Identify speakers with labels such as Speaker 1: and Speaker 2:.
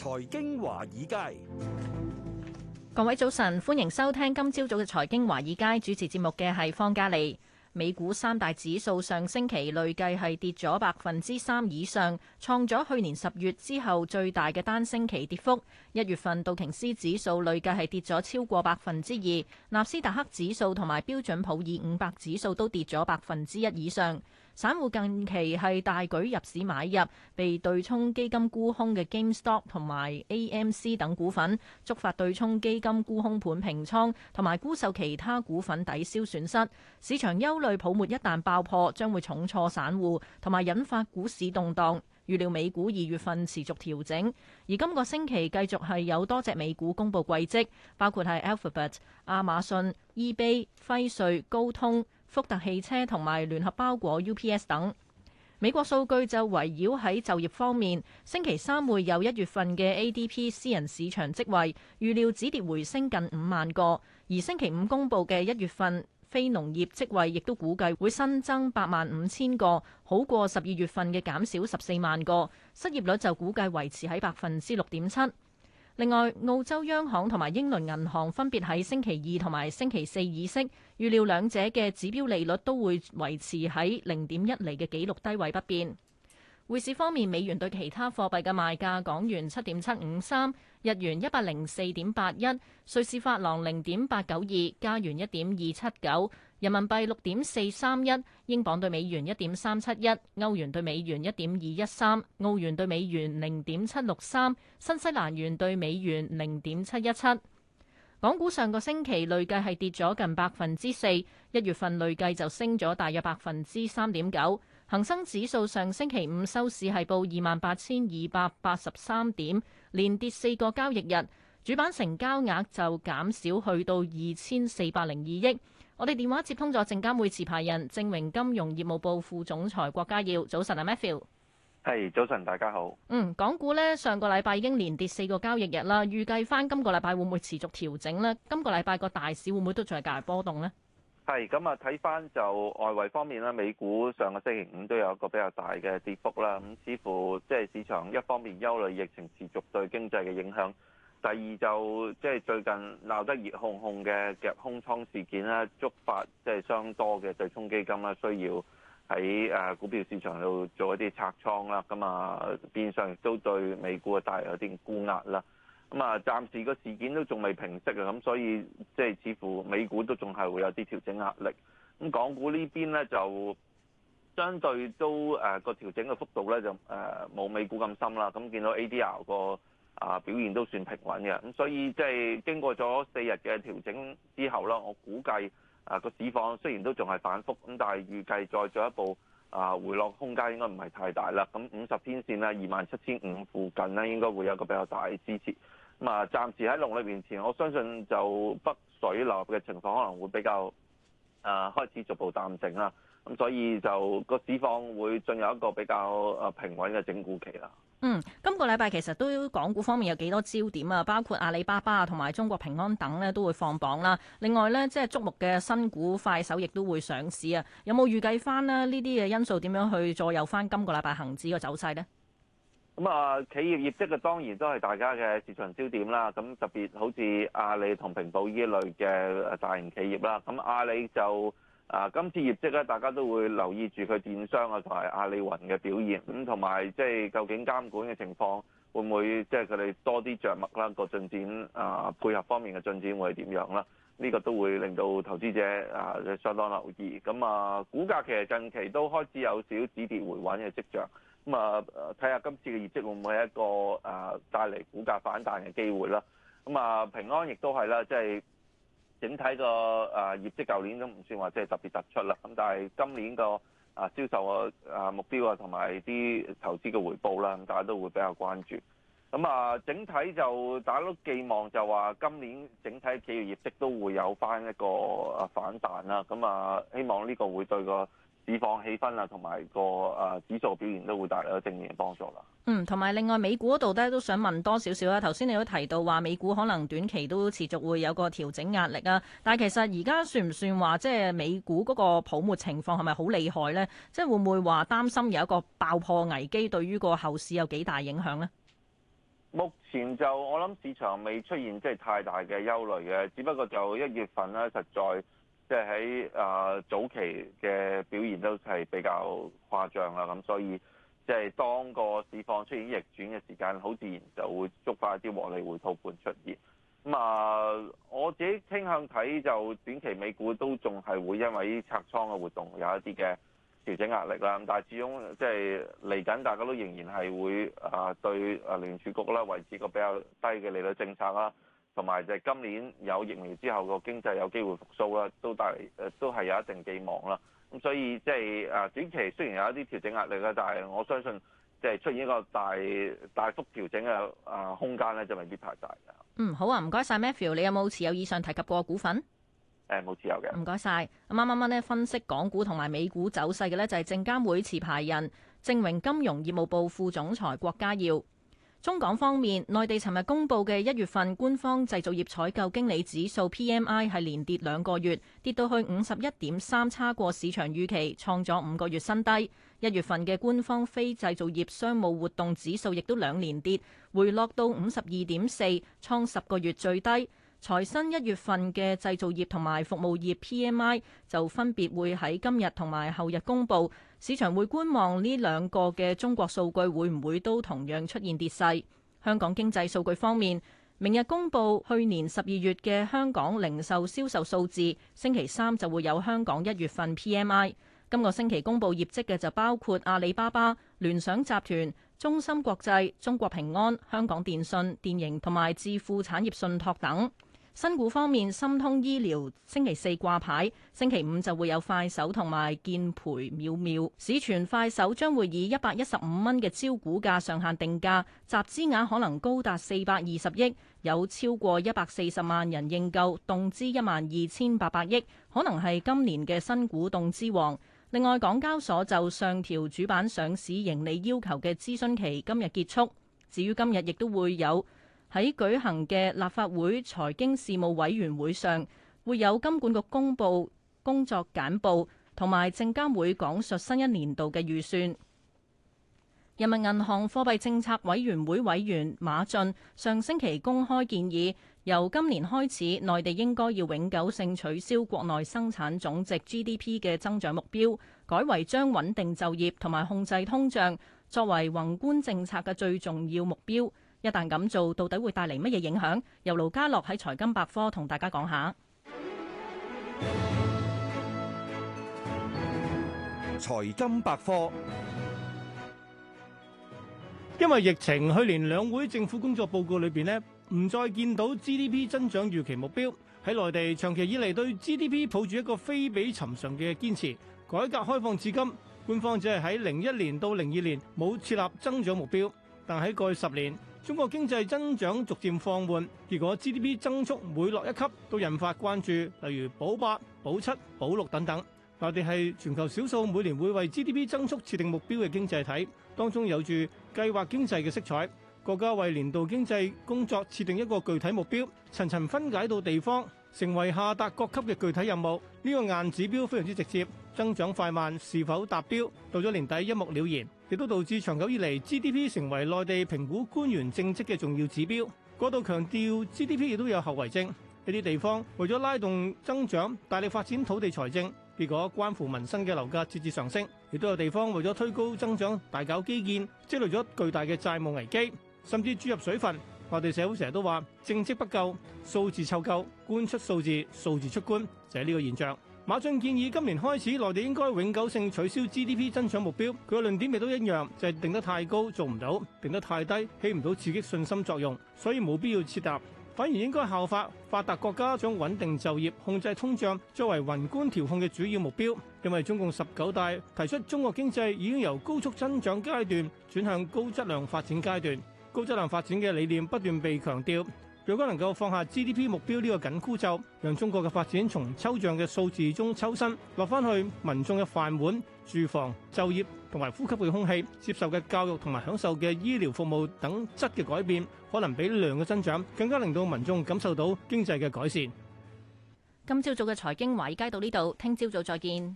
Speaker 1: 財經華爾
Speaker 2: 街，各位早晨，歡迎收聽今朝早嘅財經華爾街主持節目嘅係方嘉利，美股三大指數上星期累計係跌咗百分之三以上，創咗去年十月之後最大嘅單星期跌幅。一月份道瓊斯指數累計係跌咗超過百分之二，納斯達克指數同埋標準普爾五百指數都跌咗百分之一以上。散戶近期係大舉入市買入，被對沖基金沽空嘅 GameStop 同埋 AMC 等股份，觸發對沖基金沽空盤平倉，同埋沽售其他股份抵消損失。市場憂慮泡沫一旦爆破，將會重挫散戶，同埋引發股市動盪。預料美股二月份持續調整，而今個星期繼續係有多隻美股公布季績，包括係 Alphabet、亞馬遜、eBay、輝瑞、高通。福特汽車同埋聯合包裹 UPS 等。美國數據就圍繞喺就業方面，星期三會有一月份嘅 ADP 私人市場職位預料止跌回升近五萬個，而星期五公佈嘅一月份非農業職位亦都估計會，會新增八萬五千個，好過十二月份嘅減少十四萬個。失業率就估計維持喺百分之六點七。另外，澳洲央行同埋英倫銀行分別喺星期二同埋星期四議息，預料兩者嘅指標利率都會維持喺零點一厘嘅紀錄低位不變。匯市方面，美元對其他貨幣嘅賣價港元七點七五三，日元一百零四點八一，瑞士法郎零點八九二，加元一點二七九。人民幣六點四三一，英鎊對美元一點三七一，歐元對美元一點二一三，澳元對美元零點七六三，新西蘭元對美元零點七一七。港股上個星期累計係跌咗近百分之四，一月份累計就升咗大約百分之三點九。恒生指數上星期五收市係報二萬八千二百八十三點，連跌四個交易日。主板成交額就減少去到二千四百零二億。我哋電話接通咗證監會持牌人正榮金融業務部副總裁郭家耀。早晨啊 Matthew。
Speaker 3: 係，早晨，大家好。
Speaker 2: 嗯，港股咧上個禮拜已經連跌四個交易日啦，預計翻今個禮拜會唔會持續調整咧？今個禮拜個大市會唔會都仲係較大波動呢？
Speaker 3: 係，咁啊睇翻就外圍方面啦，美股上個星期五都有一個比較大嘅跌幅啦，咁似乎即係市場一方面憂慮疫情持續對經濟嘅影響。第二就即、是、係最近鬧得熱烘烘嘅夾空倉事件啦，觸發即係相當多嘅對沖基金啦，需要喺誒股票市場度做一啲拆倉啦，咁啊變相都對美股帶有啲沽壓啦。咁啊，暫時個事件都仲未平息啊，咁所以即係、就是、似乎美股都仲係會有啲調整壓力。咁港股邊呢邊咧就相對都誒個、呃、調整嘅幅度咧就誒冇、呃、美股咁深啦。咁見到 ADR 個。啊，表現都算平穩嘅，咁、嗯、所以即係經過咗四日嘅調整之後啦，我估計啊個市況雖然都仲係反覆，咁但係預計再進一步啊回落空間應該唔係太大啦。咁五十天線啦、啊，二萬七千五附近呢，應該會有個比較大嘅支持。咁啊，暫時喺農曆年前，我相信就北水流嘅情況可能會比較啊開始逐步淡靜啦。咁所以就個市況會進入一個比較誒平穩嘅整固期啦。
Speaker 2: 嗯，今個禮拜其實都港股方面有幾多焦點啊？包括阿里巴巴啊，同埋中國平安等咧都會放榜啦、啊。另外咧，即係矚目嘅新股快手亦都會上市啊。有冇預計翻咧呢啲嘅因素點樣去左右翻今個禮拜恒指嘅走勢咧？
Speaker 3: 咁、嗯、啊，企業業績嘅當然都係大家嘅市場焦點啦。咁、嗯、特別好似阿里同平保呢一類嘅大型企業啦。咁、嗯、阿、啊、里就。啊！今次業績咧，大家都會留意住佢電商啊同埋阿里雲嘅表現，咁同埋即係究竟監管嘅情況會唔會即係佢哋多啲着墨啦？個進展啊，配合方面嘅進展會係點樣啦？呢個都會令到投資者啊，啊相當留意。咁啊，股價其實近期都開始有少止跌回穩嘅跡象。咁啊，睇下今次嘅業績會唔會係一個啊帶嚟股價反彈嘅機會啦？咁啊，平安亦都係啦，即係。整體個啊業績舊年都唔算話即係特別突出啦，咁但係今年個啊銷售個啊目標啊同埋啲投資嘅回報啦，咁大家都會比較關注。咁、嗯、啊整體就大家都寄望就話今年整體企業業績都會有翻一個啊反彈啦。咁、嗯、啊希望呢個會對個市況氣氛啊，同埋個誒指數表現都會帶嚟個正面嘅幫助啦。
Speaker 2: 嗯，同埋另外美股嗰度咧，都想問多少少啦。頭先你都提到話美股可能短期都持續會有個調整壓力啊。但係其實而家算唔算話即係美股嗰個泡沫情況係咪好厲害呢？即係會唔會話擔心有一個爆破危機對於個後市有幾大影響呢？
Speaker 3: 目前就我諗市場未出現即係太大嘅憂慮嘅，只不過就一月份咧，實在。即係喺啊早期嘅表現都係比較誇張啦，咁所以即係當個市況出現逆轉嘅時間，好自然就會觸發一啲獲利回吐盤出現。咁啊，我自己傾向睇就短期美股都仲係會因為啲拆倉嘅活動有一啲嘅調整壓力啦。但係始終即係嚟緊，大家都仍然係會啊、呃、對啊聯儲局啦維持個比較低嘅利率政策啦。同埋就係今年有疫苗之後個經濟有機會復甦啦，都帶嚟誒，都係有一定寄望啦。咁所以即係誒短期雖然有一啲調整壓力啦，但係我相信即係出現一個大大幅調整嘅誒空間咧，就未必太
Speaker 2: 大。嗯，好啊，唔該晒。Matthew，你有冇持有以上提及過股份？
Speaker 3: 誒、嗯，冇持有嘅。唔
Speaker 2: 該曬。啱啱啱咧分析港股同埋美股走勢嘅咧，就係證監會持牌人正榮金融業務部副總裁郭家耀。中港方面，內地尋日公布嘅一月份官方製造業採購經理指數 PMI 係連跌兩個月，跌到去五十一點三，差過市場預期，創咗五個月新低。一月份嘅官方非製造業商務活動指數亦都兩連跌，回落到五十二點四，創十個月最低。財新一月份嘅製造業同埋服務業 P M I 就分別會喺今日同埋後日公佈，市場會觀望呢兩個嘅中國數據會唔會都同樣出現跌勢。香港經濟數據方面，明日公布去年十二月嘅香港零售銷售數字，星期三就會有香港一月份 P M I。今個星期公佈業績嘅就包括阿里巴巴、聯想集團、中芯國際、中國平安、香港電訊、電盈同埋置富產業信託等。新股方面，心通醫療星期四掛牌，星期五就會有快手同埋健培秒秒。市傳快手將會以一百一十五蚊嘅招股價上限定價，集資額可能高達四百二十億，有超過一百四十萬人認購，動資一萬二千八百億，可能係今年嘅新股動資王。另外，港交所就上調主板上市盈利要求嘅諮詢期，今日結束。至於今日亦都會有。喺舉行嘅立法會財經事務委員會上，會有金管局公佈工作簡報，同埋證監會講述新一年度嘅預算。人民銀行貨幣政策委員會委員馬俊上星期公開建議，由今年開始，內地應該要永久性取消國內生產總值 GDP 嘅增長目標，改為將穩定就業同埋控制通脹作為宏觀政策嘅最重要目標。一旦咁做，到底會帶嚟乜嘢影響？由盧家樂喺財金百科同大家講下。
Speaker 1: 財金百科，因為疫情，去年兩會政府工作報告裏邊呢，唔再見到 GDP 增長預期目標。喺內地長期以嚟對 GDP 抱住一個非比尋常嘅堅持。改革開放至今，官方只係喺零一年到零二年冇設立增長目標，但喺過去十年，中國經濟增長逐漸放緩，結果 GDP 增速每落一級，都引發關注，例如保八、保七、保六等等。我哋係全球少數每年會為 GDP 增速設定目標嘅經濟體，當中有住計劃經濟嘅色彩。國家為年度經濟工作設定一個具體目標，層層分解到地方，成為下達各級嘅具體任務。呢、這個硬指標非常之直接，增長快慢是否達標，到咗年底一目了然。亦都導致長久以嚟 GDP 成為內地評估官員政績嘅重要指標。過度強調 GDP 亦都有後遺症。一啲地方為咗拉動增長，大力發展土地財政，結果關乎民生嘅樓價節節上升。亦都有地方為咗推高增長，大搞基建，積累咗巨大嘅債務危機，甚至注入水分。我哋社會成日都話政績不夠，數字湊夠，官出數字，數字出官，就係呢個現象。馬俊建議今年開始，內地應該永久性取消 GDP 增長目標。佢嘅論點亦都一樣，就係定得太高做唔到，定得太低起唔到刺激信心作用，所以冇必要設立。反而應該效法發達國家將穩定就業、控制通脹作為宏觀調控嘅主要目標。因為中共十九大提出中國經濟已經由高速增長階段轉向高質量發展階段，高質量發展嘅理念不斷被強調。如果能夠放下 GDP 目標呢個緊箍咒，讓中國嘅發展從抽象嘅數字中抽身，落翻去民眾嘅飯碗、住房、就業同埋呼吸嘅空氣，接受嘅教育同埋享受嘅醫療服務等質嘅改變，可能比量嘅增長更加令到民眾感受到經濟嘅改善。
Speaker 2: 今朝早嘅財經華爾街到呢度，聽朝早再見。